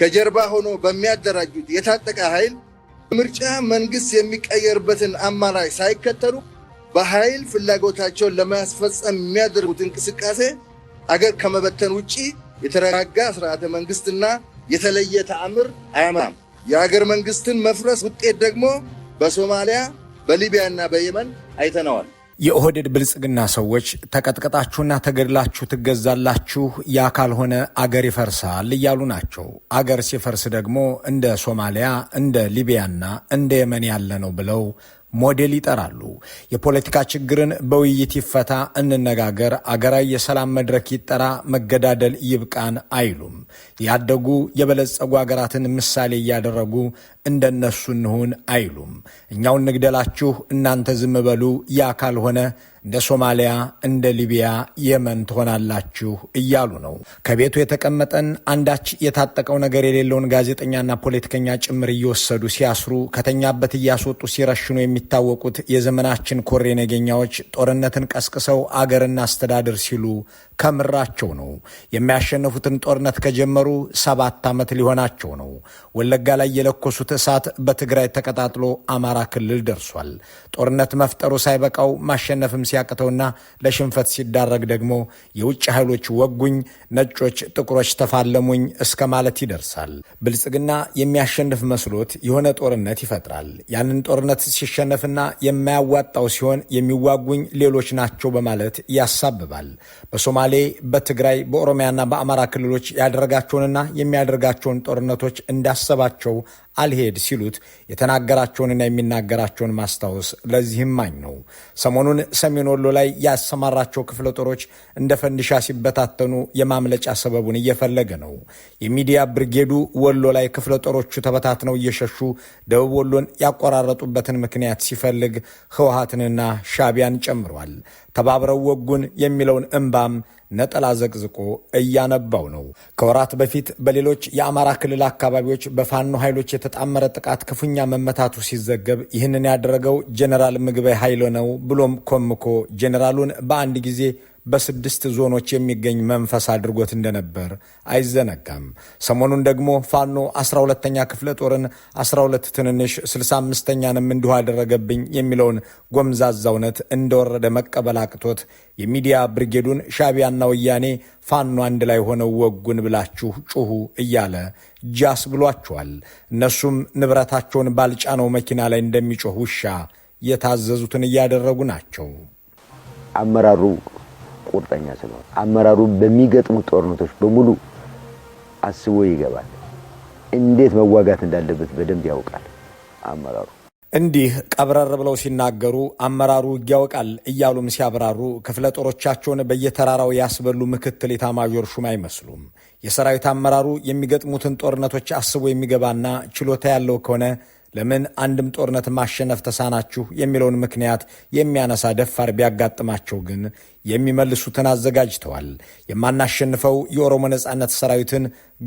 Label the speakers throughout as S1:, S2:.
S1: ከጀርባ ሆኖ በሚያደራጁት የታጠቀ ኃይል ምርጫ መንግስት የሚቀየርበትን አማራጭ ሳይከተሉ በኃይል ፍላጎታቸውን ለማስፈጸም የሚያደርጉት እንቅስቃሴ አገር ከመበተን ውጭ የተረጋጋ ስርዓተ መንግስትና የተለየ ተአምር አያመጣም። የአገር መንግስትን መፍረስ ውጤት ደግሞ በሶማሊያ በሊቢያና
S2: በየመን
S3: አይተነዋል። የኦህዴድ ብልጽግና ሰዎች ተቀጥቅጣችሁና ተገድላችሁ ትገዛላችሁ፣ ያ ካልሆነ አገር ይፈርሳል እያሉ ናቸው። አገር ሲፈርስ ደግሞ እንደ ሶማሊያ እንደ ሊቢያና እንደ የመን ያለ ነው ብለው ሞዴል ይጠራሉ። የፖለቲካ ችግርን በውይይት ይፈታ፣ እንነጋገር፣ አገራዊ የሰላም መድረክ ይጠራ፣ መገዳደል ይብቃን አይሉም። ያደጉ የበለጸጉ አገራትን ምሳሌ እያደረጉ እንደነሱ እንሁን አይሉም። እኛውን ንግደላችሁ፣ እናንተ ዝም በሉ፣ ያ ካልሆነ እንደ ሶማሊያ፣ እንደ ሊቢያ፣ የመን ትሆናላችሁ እያሉ ነው። ከቤቱ የተቀመጠን አንዳች የታጠቀው ነገር የሌለውን ጋዜጠኛና ፖለቲከኛ ጭምር እየወሰዱ ሲያስሩ፣ ከተኛበት እያስወጡ ሲረሽኑ የሚታወቁት የዘመናችን ኮሬ ነገኛዎች ጦርነትን ቀስቅሰው አገርና አስተዳድር ሲሉ ከምራቸው ነው። የሚያሸንፉትን ጦርነት ከጀመሩ ሰባት ዓመት ሊሆናቸው ነው። ወለጋ ላይ የለኮሱት እሳት በትግራይ ተቀጣጥሎ አማራ ክልል ደርሷል። ጦርነት መፍጠሩ ሳይበቃው ማሸነፍም ሲያቅተውና ለሽንፈት ሲዳረግ ደግሞ የውጭ ኃይሎች ወጉኝ፣ ነጮች፣ ጥቁሮች ተፋለሙኝ እስከ ማለት ይደርሳል። ብልጽግና የሚያሸንፍ መስሎት የሆነ ጦርነት ይፈጥራል። ያንን ጦርነት ሲሸነፍና የማያዋጣው ሲሆን የሚዋጉኝ ሌሎች ናቸው በማለት ያሳብባል። በሶማሌ፣ በትግራይ፣ በኦሮሚያና በአማራ ክልሎች ያደረጋቸውንና የሚያደርጋቸውን ጦርነቶች እንዳሰባቸው አልሄድ ሲሉት የተናገራቸውንና የሚናገራቸውን ማስታወስ ለዚህም ማኝ ነው። ሰሞኑን ሰሜን ወሎ ላይ ያሰማራቸው ክፍለ ጦሮች እንደ ፈንዲሻ ሲበታተኑ የማምለጫ ሰበቡን እየፈለገ ነው። የሚዲያ ብርጌዱ ወሎ ላይ ክፍለ ጦሮቹ ተበታትነው እየሸሹ ደቡብ ወሎን ያቆራረጡበትን ምክንያት ሲፈልግ ህወሓትንና ሻቢያን ጨምሯል። ተባብረው ወጉን የሚለውን እምባም ነጠላ ዘቅዝቆ እያነባው ነው። ከወራት በፊት በሌሎች የአማራ ክልል አካባቢዎች በፋኖ ኃይሎች የተጣመረ ጥቃት ክፉኛ መመታቱ ሲዘገብ ይህንን ያደረገው ጀኔራል ምግበይ ኃይል ነው ብሎም ኮምኮ ጀኔራሉን በአንድ ጊዜ በስድስት ዞኖች የሚገኝ መንፈስ አድርጎት እንደነበር አይዘነጋም። ሰሞኑን ደግሞ ፋኖ 12ተኛ ክፍለ ጦርን 12 ትንንሽ 65ተኛንም እንዲሁ አደረገብኝ የሚለውን ጎምዛዛ እውነት እንደወረደ መቀበል አቅቶት የሚዲያ ብርጌዱን ሻቢያና ወያኔ ፋኖ አንድ ላይ ሆነው ወጉን ብላችሁ ጩሁ እያለ ጃስ ብሏቸዋል። እነሱም ንብረታቸውን ባልጫነው መኪና ላይ እንደሚጮህ ውሻ የታዘዙትን እያደረጉ ናቸው።
S4: አመራሩ ቁርጠኛ ስለሆነ አመራሩ በሚገጥሙት ጦርነቶች በሙሉ አስቦ ይገባል። እንዴት መዋጋት እንዳለበት በደንብ ያውቃል አመራሩ።
S3: እንዲህ ቀብረር ብለው ሲናገሩ አመራሩ ያውቃል እያሉም ሲያብራሩ ክፍለ ጦሮቻቸውን በየተራራው ያስበሉ ምክትል ኤታማዦር ሹም አይመስሉም። የሰራዊት አመራሩ የሚገጥሙትን ጦርነቶች አስቦ የሚገባና ችሎታ ያለው ከሆነ ለምን አንድም ጦርነት ማሸነፍ ተሳናችሁ የሚለውን ምክንያት የሚያነሳ ደፋር ቢያጋጥማቸው ግን የሚመልሱትን አዘጋጅተዋል። የማናሸንፈው የኦሮሞ ነጻነት ሰራዊትን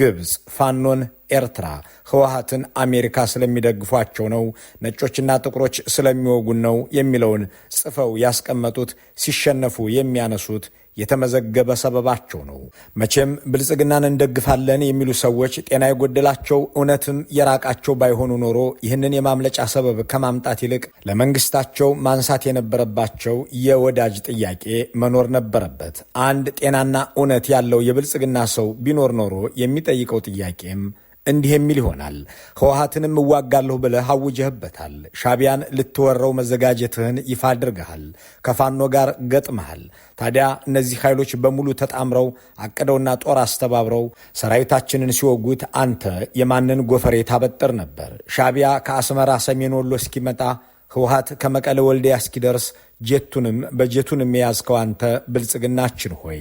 S3: ግብፅ፣ ፋኖን ኤርትራ፣ ህወሀትን አሜሪካ ስለሚደግፏቸው ነው፣ ነጮችና ጥቁሮች ስለሚወጉን ነው የሚለውን ጽፈው ያስቀመጡት ሲሸነፉ የሚያነሱት የተመዘገበ ሰበባቸው ነው። መቼም ብልጽግናን እንደግፋለን የሚሉ ሰዎች ጤና የጎደላቸው እውነትም የራቃቸው ባይሆኑ ኖሮ ይህንን የማምለጫ ሰበብ ከማምጣት ይልቅ ለመንግስታቸው ማንሳት የነበረባቸው የወዳጅ ጥያቄ መኖር ነበረበት። አንድ ጤናና እውነት ያለው የብልጽግና ሰው ቢኖር ኖሮ የሚጠይቀው ጥያቄም እንዲህ የሚል ይሆናል። ህወሀትንም እዋጋለሁ ብለህ አውጀህበታል። ሻቢያን ልትወረው መዘጋጀትህን ይፋ አድርገሃል። ከፋኖ ጋር ገጥመሃል። ታዲያ እነዚህ ኃይሎች በሙሉ ተጣምረው አቅደውና ጦር አስተባብረው ሰራዊታችንን ሲወጉት አንተ የማንን ጎፈሬ ታበጥር ነበር? ሻቢያ ከአስመራ ሰሜን ወሎ እስኪመጣ ህወሀት ከመቀለ ወልዲያ እስኪደርስ ጀቱንም በጀቱንም የያዝከው አንተ ብልጽግናችን ሆይ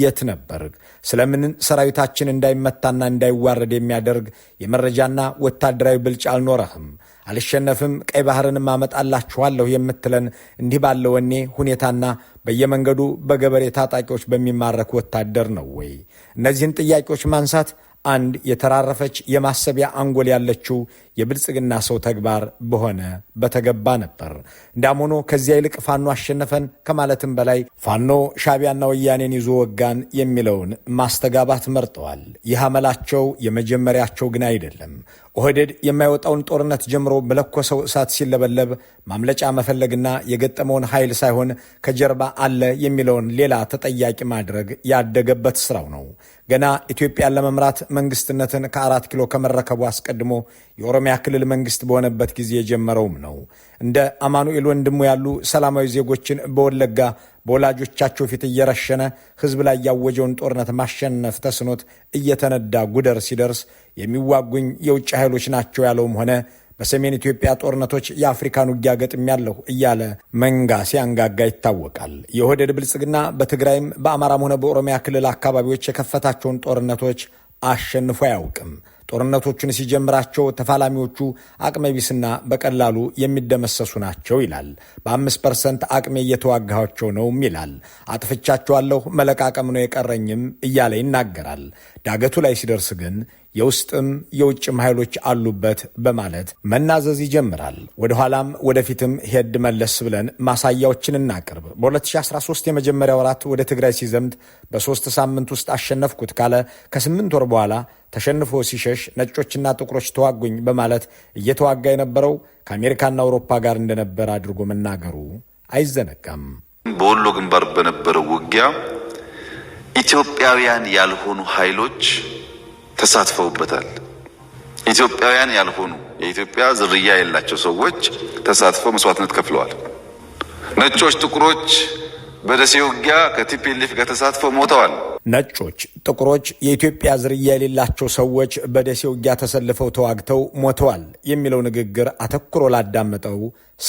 S3: የት ነበር? ስለምን ሰራዊታችን እንዳይመታና እንዳይዋረድ የሚያደርግ የመረጃና ወታደራዊ ብልጫ አልኖረህም? አልሸነፍም፣ ቀይ ባህርንም አመጣላችኋለሁ የምትለን እንዲህ ባለ ወኔ ሁኔታና በየመንገዱ በገበሬ ታጣቂዎች በሚማረክ ወታደር ነው ወይ? እነዚህን ጥያቄዎች ማንሳት አንድ የተራረፈች የማሰቢያ አንጎል ያለችው የብልጽግና ሰው ተግባር በሆነ በተገባ ነበር። እንዳም ሆኖ ከዚያ ይልቅ ፋኖ አሸነፈን ከማለትም በላይ ፋኖ ሻቢያና ወያኔን ይዞ ወጋን የሚለውን ማስተጋባት መርጠዋል። ይህ አመላቸው የመጀመሪያቸው ግን አይደለም። ኦህዴድ የማይወጣውን ጦርነት ጀምሮ በለኮሰው እሳት ሲለበለብ ማምለጫ መፈለግና የገጠመውን ኃይል ሳይሆን ከጀርባ አለ የሚለውን ሌላ ተጠያቂ ማድረግ ያደገበት ስራው ነው። ገና ኢትዮጵያን ለመምራት መንግስትነትን ከአራት ኪሎ ከመረከቡ አስቀድሞ የኦሮሚያ ክልል መንግስት በሆነበት ጊዜ የጀመረውም ነው። እንደ አማኑኤል ወንድሙ ያሉ ሰላማዊ ዜጎችን በወለጋ በወላጆቻቸው ፊት እየረሸነ ህዝብ ላይ ያወጀውን ጦርነት ማሸነፍ ተስኖት እየተነዳ ጉደር ሲደርስ የሚዋጉኝ የውጭ ኃይሎች ናቸው ያለውም ሆነ በሰሜን ኢትዮጵያ ጦርነቶች የአፍሪካን ውጊያ ገጥም ያለሁ እያለ መንጋ ሲያንጋጋ ይታወቃል። የወደድ ብልጽግና በትግራይም በአማራም ሆነ በኦሮሚያ ክልል አካባቢዎች የከፈታቸውን ጦርነቶች አሸንፎ አያውቅም። ጦርነቶቹን ሲጀምራቸው ተፋላሚዎቹ አቅመቢስና በቀላሉ የሚደመሰሱ ናቸው ይላል። በአምስት ፐርሰንት አቅሜ እየተዋጋኋቸው ነውም ይላል። አጥፍቻቸዋለሁ መለቃቀም ነው የቀረኝም እያለ ይናገራል። ዳገቱ ላይ ሲደርስ ግን የውስጥም የውጭም ኃይሎች አሉበት በማለት መናዘዝ ይጀምራል። ወደኋላም ወደፊትም ሄድ መለስ ብለን ማሳያዎችን እናቅርብ። በ2013 የመጀመሪያ ወራት ወደ ትግራይ ሲዘምት በሶስት ሳምንት ውስጥ አሸነፍኩት ካለ ከስምንት ወር በኋላ ተሸንፎ ሲሸሽ ነጮችና ጥቁሮች ተዋጉኝ በማለት እየተዋጋ የነበረው ከአሜሪካና አውሮፓ ጋር እንደነበር አድርጎ መናገሩ
S5: አይዘነጋም። በወሎ ግንባር በነበረው ውጊያ ኢትዮጵያውያን ያልሆኑ ኃይሎች ተሳትፈውበታል። ኢትዮጵያውያን ያልሆኑ የኢትዮጵያ ዝርያ የላቸው ሰዎች ተሳትፈው መስዋዕትነት ከፍለዋል። ነጮች፣ ጥቁሮች በደሴ ውጊያ ከቲፒኤልኤፍ ጋር ተሳትፈው ሞተዋል።
S3: ነጮች፣ ጥቁሮች፣ የኢትዮጵያ ዝርያ የሌላቸው ሰዎች በደሴ ውጊያ ተሰልፈው ተዋግተው ሞተዋል የሚለው ንግግር አተኩሮ ላዳመጠው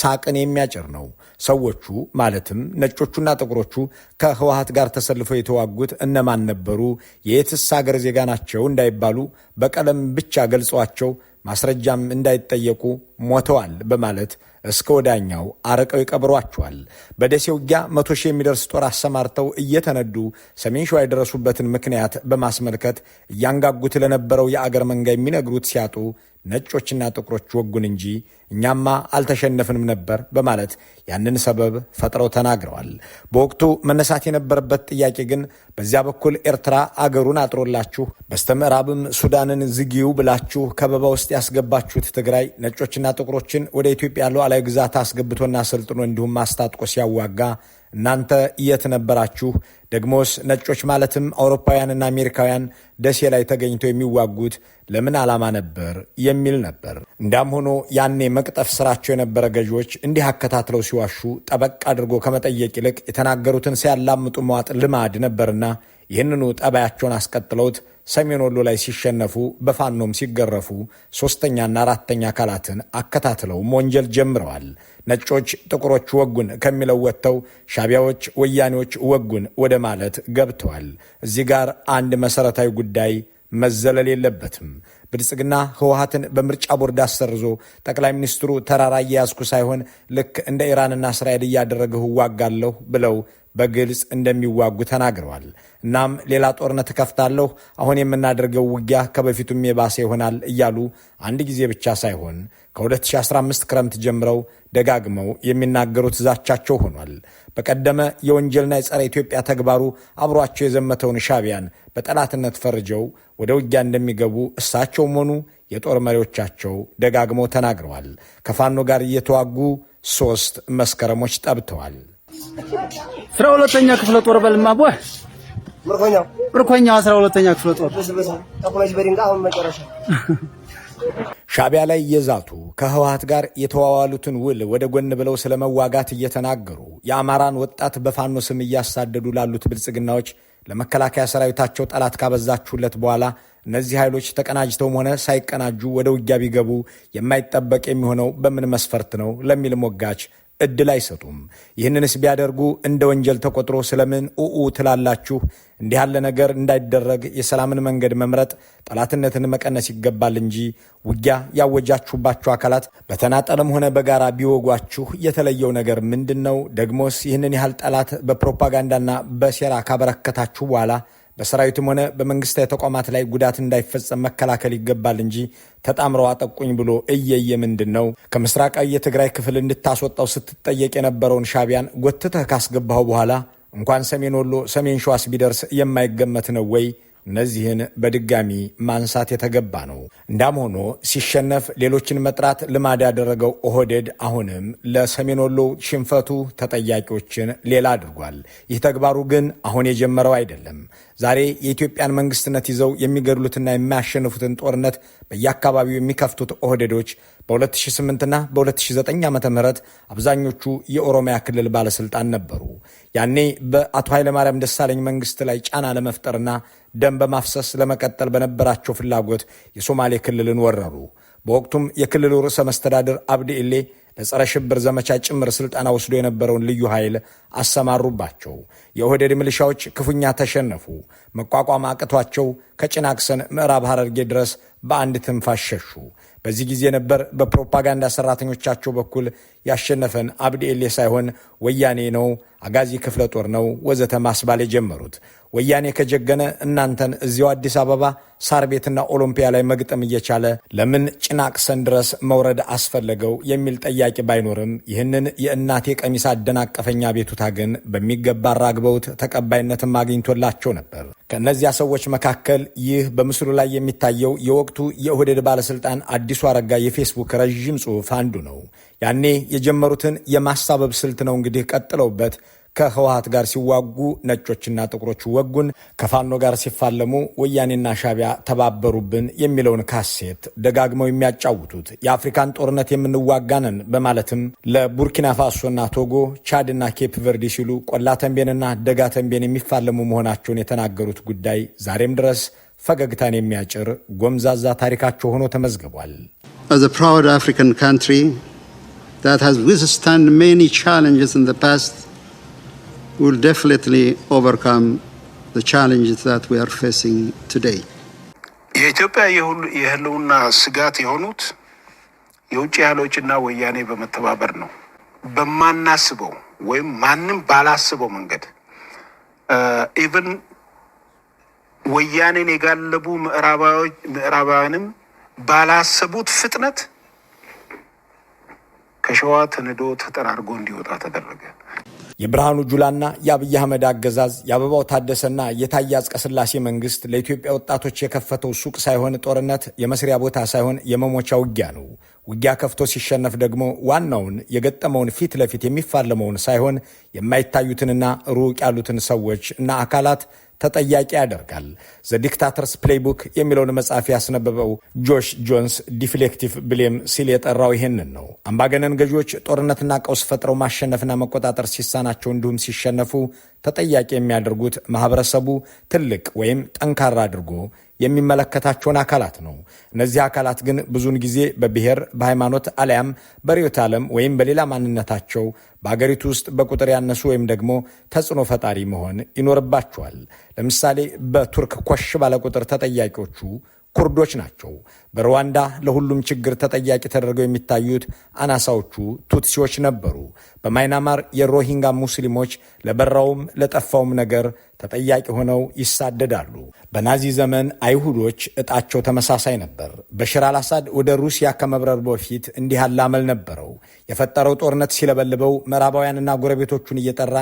S3: ሳቅን የሚያጭር ነው። ሰዎቹ ማለትም ነጮቹና ጥቁሮቹ ከህወሀት ጋር ተሰልፈው የተዋጉት እነማን ነበሩ፣ የየትስ ሀገር ዜጋ ናቸው እንዳይባሉ በቀለም ብቻ ገልጸዋቸው ማስረጃም እንዳይጠየቁ ሞተዋል በማለት እስከ ወዳኛው አርቀው ይቀብሯቸዋል። በደሴ ውጊያ መቶ ሺህ የሚደርስ ጦር አሰማርተው እየተነዱ ሰሜን ሸዋ የደረሱበትን ምክንያት በማስመልከት እያንጋጉት ለነበረው የአገር መንጋ የሚነግሩት ሲያጡ ነጮችና ጥቁሮች ወጉን እንጂ እኛማ አልተሸነፍንም ነበር በማለት ያንን ሰበብ ፈጥረው ተናግረዋል። በወቅቱ መነሳት የነበረበት ጥያቄ ግን በዚያ በኩል ኤርትራ አገሩን አጥሮላችሁ በስተምዕራብም ሱዳንን ዝጊው ብላችሁ ከበባ ውስጥ ያስገባችሁት ትግራይ ነጮችና ጥቁሮችን ወደ ኢትዮጵያ ሉዓላዊ ግዛት አስገብቶና ሰልጥኖ እንዲሁም አስታጥቆ ሲያዋጋ እናንተ የት ነበራችሁ? ደግሞስ ነጮች ማለትም አውሮፓውያንና አሜሪካውያን ደሴ ላይ ተገኝተው የሚዋጉት ለምን ዓላማ ነበር? የሚል ነበር። እንዳም ሆኖ ያኔ መቅጠፍ ስራቸው የነበረ ገዢዎች እንዲህ አከታትለው ሲዋሹ ጠበቅ አድርጎ ከመጠየቅ ይልቅ የተናገሩትን ሲያላምጡ መዋጥ ልማድ ነበርና ይህንኑ ጠባያቸውን አስቀጥለውት ሰሜን ወሎ ላይ ሲሸነፉ በፋኖም ሲገረፉ ሶስተኛና አራተኛ አካላትን አከታትለውም ወንጀል ጀምረዋል። ነጮች ጥቁሮች ወጉን ከሚለው ወጥተው ሻቢያዎች ወያኔዎች ወጉን ወደ ማለት ገብተዋል። እዚህ ጋር አንድ መሰረታዊ ጉዳይ መዘለል የለበትም። ብልጽግና ህወሀትን በምርጫ ቦርድ አሰርዞ ጠቅላይ ሚኒስትሩ ተራራ እየያዝኩ ሳይሆን ልክ እንደ ኢራንና እስራኤል እያደረግሁ እዋጋለሁ ብለው በግልጽ እንደሚዋጉ ተናግረዋል። እናም ሌላ ጦርነት እከፍታለሁ፣ አሁን የምናደርገው ውጊያ ከበፊቱም የባሰ ይሆናል እያሉ አንድ ጊዜ ብቻ ሳይሆን ከ2015 ክረምት ጀምረው ደጋግመው የሚናገሩት ዛቻቸው ሆኗል። በቀደመ የወንጀልና የጸረ ኢትዮጵያ ተግባሩ አብሯቸው የዘመተውን ሻቢያን በጠላትነት ፈርጀው ወደ ውጊያ እንደሚገቡ እሳቸውም ሆኑ የጦር መሪዎቻቸው ደጋግመው ተናግረዋል። ከፋኖ ጋር እየተዋጉ ሶስት መስከረሞች ጠብተዋል።
S6: አስራ ሁለተኛ ክፍለ ጦር በልማ ቦይ ምርኮኛው ምርኮኛው አስራ ሁለተኛ ክፍለ ጦር
S3: ሻቢያ ላይ እየዛቱ ከህወሓት ጋር የተዋዋሉትን ውል ወደ ጎን ብለው ስለመዋጋት እየተናገሩ የአማራን ወጣት በፋኖ ስም እያሳደዱ ላሉት ብልጽግናዎች ለመከላከያ ሰራዊታቸው ጠላት ካበዛችሁለት በኋላ እነዚህ ኃይሎች ተቀናጅተውም ሆነ ሳይቀናጁ ወደ ውጊያ ቢገቡ የማይጠበቅ የሚሆነው በምን መስፈርት ነው ለሚል ሞጋች እድል አይሰጡም። ይህንንስ ቢያደርጉ እንደ ወንጀል ተቆጥሮ ስለምን ኡኡ ትላላችሁ? እንዲህ ያለ ነገር እንዳይደረግ የሰላምን መንገድ መምረጥ፣ ጠላትነትን መቀነስ ይገባል እንጂ ውጊያ ያወጃችሁባችሁ አካላት በተናጠለም ሆነ በጋራ ቢወጓችሁ የተለየው ነገር ምንድን ነው? ደግሞስ ይህንን ያህል ጠላት በፕሮፓጋንዳና በሴራ ካበረከታችሁ በኋላ በሰራዊትም ሆነ በመንግስታዊ ተቋማት ላይ ጉዳት እንዳይፈጸም መከላከል ይገባል እንጂ ተጣምረው አጠቁኝ ብሎ እየየ ምንድን ነው? ከምስራቃዊ የትግራይ ክፍል እንድታስወጣው ስትጠየቅ የነበረውን ሻቢያን ጎትተህ ካስገባኸው በኋላ እንኳን ሰሜን ወሎ ሰሜን ሸዋስ ቢደርስ የማይገመት ነው ወይ እነዚህን በድጋሚ ማንሳት የተገባ ነው። እንዳም ሆኖ ሲሸነፍ ሌሎችን መጥራት ልማድ ያደረገው ኦህዴድ አሁንም ለሰሜን ወሎ ሽንፈቱ ተጠያቂዎችን ሌላ አድርጓል። ይህ ተግባሩ ግን አሁን የጀመረው አይደለም። ዛሬ የኢትዮጵያን መንግስትነት ይዘው የሚገድሉትና የሚያሸንፉትን ጦርነት በየአካባቢው የሚከፍቱት ኦህዴዶች በ2008ና በ2009 ዓ ም አብዛኞቹ የኦሮሚያ ክልል ባለስልጣን ነበሩ። ያኔ በአቶ ኃይለማርያም ደሳለኝ መንግስት ላይ ጫና ለመፍጠርና ደም በማፍሰስ ለመቀጠል በነበራቸው ፍላጎት የሶማሌ ክልልን ወረሩ። በወቅቱም የክልሉ ርዕሰ መስተዳድር አብዲ ኢሌ ለጸረ ሽብር ዘመቻ ጭምር ስልጠና ወስዶ የነበረውን ልዩ ኃይል አሰማሩባቸው። የኦህዴድ ምልሻዎች ክፉኛ ተሸነፉ። መቋቋም አቅቷቸው ከጭናክሰን ምዕራብ ሐረርጌ ድረስ በአንድ ትንፋሽ ሸሹ። በዚህ ጊዜ ነበር በፕሮፓጋንዳ ሰራተኞቻቸው በኩል ያሸነፈን አብዲኤሌ ሳይሆን ወያኔ ነው፣ አጋዚ ክፍለ ጦር ነው ወዘተ ማስባል የጀመሩት። ወያኔ ከጀገነ እናንተን እዚያው አዲስ አበባ ሳር ቤትና ኦሎምፒያ ላይ መግጠም እየቻለ ለምን ጭናቅሰን ድረስ መውረድ አስፈለገው የሚል ጥያቄ ባይኖርም ይህንን የእናቴ ቀሚስ አደናቀፈኛ ቤቱታ ግን በሚገባ አራግበውት ተቀባይነትም አግኝቶላቸው ነበር። ከእነዚያ ሰዎች መካከል ይህ በምስሉ ላይ የሚታየው የወቅቱ የኦህዴድ ባለስልጣን አዲሱ አረጋ የፌስቡክ ረዥም ጽሑፍ አንዱ ነው። ያኔ የጀመሩትን የማሳበብ ስልት ነው እንግዲህ ቀጥለውበት ከህወሀት ጋር ሲዋጉ ነጮችና ጥቁሮች ወጉን፣ ከፋኖ ጋር ሲፋለሙ ወያኔና ሻቢያ ተባበሩብን የሚለውን ካሴት ደጋግመው የሚያጫውቱት የአፍሪካን ጦርነት የምንዋጋንን በማለትም ለቡርኪና ፋሶና ቶጎ፣ ቻድና ኬፕ ቨርዲ ሲሉ ቆላ ተንቤንና ደጋ ተንቤን የሚፋለሙ መሆናቸውን የተናገሩት ጉዳይ ዛሬም ድረስ ፈገግታን የሚያጭር ጎምዛዛ ታሪካቸው ሆኖ ተመዝግቧል።
S7: ፕራውድ አፍሪካን ካንትሪ ዛት ሃዝ ቻለንጅስ ኢን ፓስት will definitely overcome the challenges that we are facing today.
S8: የኢትዮጵያ የህልውና ስጋት የሆኑት የውጭ ኃይሎችና ወያኔ በመተባበር ነው። በማናስበው ወይም ማንም ባላስበው መንገድ ኢቨን ወያኔን የጋለቡ ምዕራባውያንም ባላሰቡት ፍጥነት ከሸዋ ተንዶ ተጠራርጎ እንዲወጣ ተደረገ።
S3: የብርሃኑ ጁላና የአብይ አህመድ አገዛዝ የአበባው ታደሰና የታየ አጽቀሥላሴ መንግስት ለኢትዮጵያ ወጣቶች የከፈተው ሱቅ ሳይሆን ጦርነት፣ የመስሪያ ቦታ ሳይሆን የመሞቻ ውጊያ ነው። ውጊያ ከፍቶ ሲሸነፍ ደግሞ ዋናውን የገጠመውን ፊት ለፊት የሚፋለመውን ሳይሆን የማይታዩትንና ሩቅ ያሉትን ሰዎች እና አካላት ተጠያቂ ያደርጋል። ዘ ዲክታተርስ ፕሌይቡክ የሚለውን መጽሐፍ ያስነበበው ጆሽ ጆንስ ዲፍሌክቲቭ ብሌም ሲል የጠራው ይህንን ነው። አምባገነን ገዢዎች ጦርነትና ቀውስ ፈጥረው ማሸነፍና መቆጣጠር ሲሳናቸው እንዲሁም ሲሸነፉ ተጠያቂ የሚያደርጉት ማህበረሰቡ ትልቅ ወይም ጠንካራ አድርጎ የሚመለከታቸውን አካላት ነው። እነዚህ አካላት ግን ብዙውን ጊዜ በብሔር በሃይማኖት አሊያም በርዕዮተ ዓለም ወይም በሌላ ማንነታቸው በአገሪቱ ውስጥ በቁጥር ያነሱ ወይም ደግሞ ተጽዕኖ ፈጣሪ መሆን ይኖርባቸዋል። ለምሳሌ በቱርክ ኮሽ ባለቁጥር ተጠያቂዎቹ ኩርዶች ናቸው። በሩዋንዳ ለሁሉም ችግር ተጠያቂ ተደርገው የሚታዩት አናሳዎቹ ቱትሲዎች ነበሩ። በማይናማር የሮሂንጋ ሙስሊሞች ለበራውም ለጠፋውም ነገር ተጠያቂ ሆነው ይሳደዳሉ። በናዚ ዘመን አይሁዶች እጣቸው ተመሳሳይ ነበር። በሽር አልአሳድ ወደ ሩሲያ ከመብረር በፊት እንዲህ ያለ አመል ነበረው። የፈጠረው ጦርነት ሲለበልበው ምዕራባውያንና ጎረቤቶቹን እየጠራ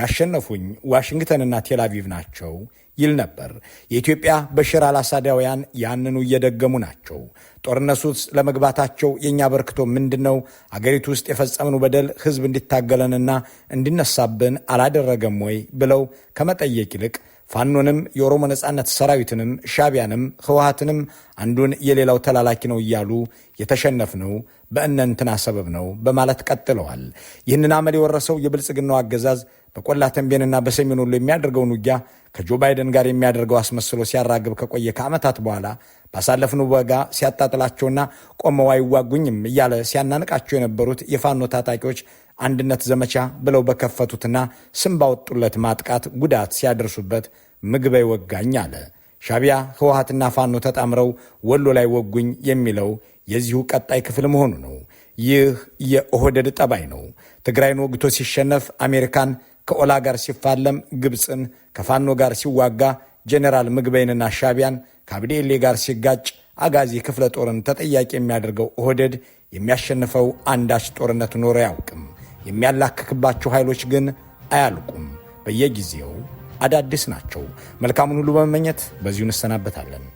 S3: ያሸነፉኝ ዋሽንግተንና ቴላቪቭ ናቸው ይል ነበር። የኢትዮጵያ በሽር አላሳዳውያን ያንኑ እየደገሙ ናቸው። ጦርነቱ ውስጥ ለመግባታቸው የእኛ በርክቶ ምንድን ነው? አገሪቱ ውስጥ የፈጸምኑ በደል ህዝብ እንዲታገለንና እንዲነሳብን አላደረገም ወይ ብለው ከመጠየቅ ይልቅ ፋኖንም የኦሮሞ ነጻነት ሰራዊትንም ሻቢያንም ህወሀትንም አንዱን የሌላው ተላላኪ ነው እያሉ የተሸነፍነው በእነ ሰበብ ነው በማለት ቀጥለዋል። ይህንን አመል የወረሰው የብልጽግናው አገዛዝ በቆላ ተንቤንና በሰሜን ወሎ የሚያደርገውን ውጊያ ከጆ ባይደን ጋር የሚያደርገው አስመስሎ ሲያራግብ ከቆየ ከዓመታት በኋላ ባሳለፍነው በጋ ሲያጣጥላቸውና ቆመው አይዋጉኝም እያለ ሲያናንቃቸው የነበሩት የፋኖ ታጣቂዎች አንድነት ዘመቻ ብለው በከፈቱትና ስም ባወጡለት ማጥቃት ጉዳት ሲያደርሱበት ምግበ ይወጋኝ አለ። ሻቢያ ህወሀትና ፋኖ ተጣምረው ወሎ ላይ ወጉኝ የሚለው የዚሁ ቀጣይ ክፍል መሆኑ ነው። ይህ የኦህደድ ጠባይ ነው። ትግራይን ወግቶ ሲሸነፍ አሜሪካን ከኦላ ጋር ሲፋለም ግብፅን፣ ከፋኖ ጋር ሲዋጋ ጄኔራል ምግበይንና ሻቢያን፣ ከአብዲኤሌ ጋር ሲጋጭ አጋዚ ክፍለ ጦርን ተጠያቂ የሚያደርገው ኦህደድ የሚያሸንፈው አንዳች ጦርነት ኖሮ አያውቅም። የሚያላክክባቸው ኃይሎች ግን አያልቁም፣ በየጊዜው አዳዲስ ናቸው። መልካሙን ሁሉ በመመኘት በዚሁ እንሰናበታለን።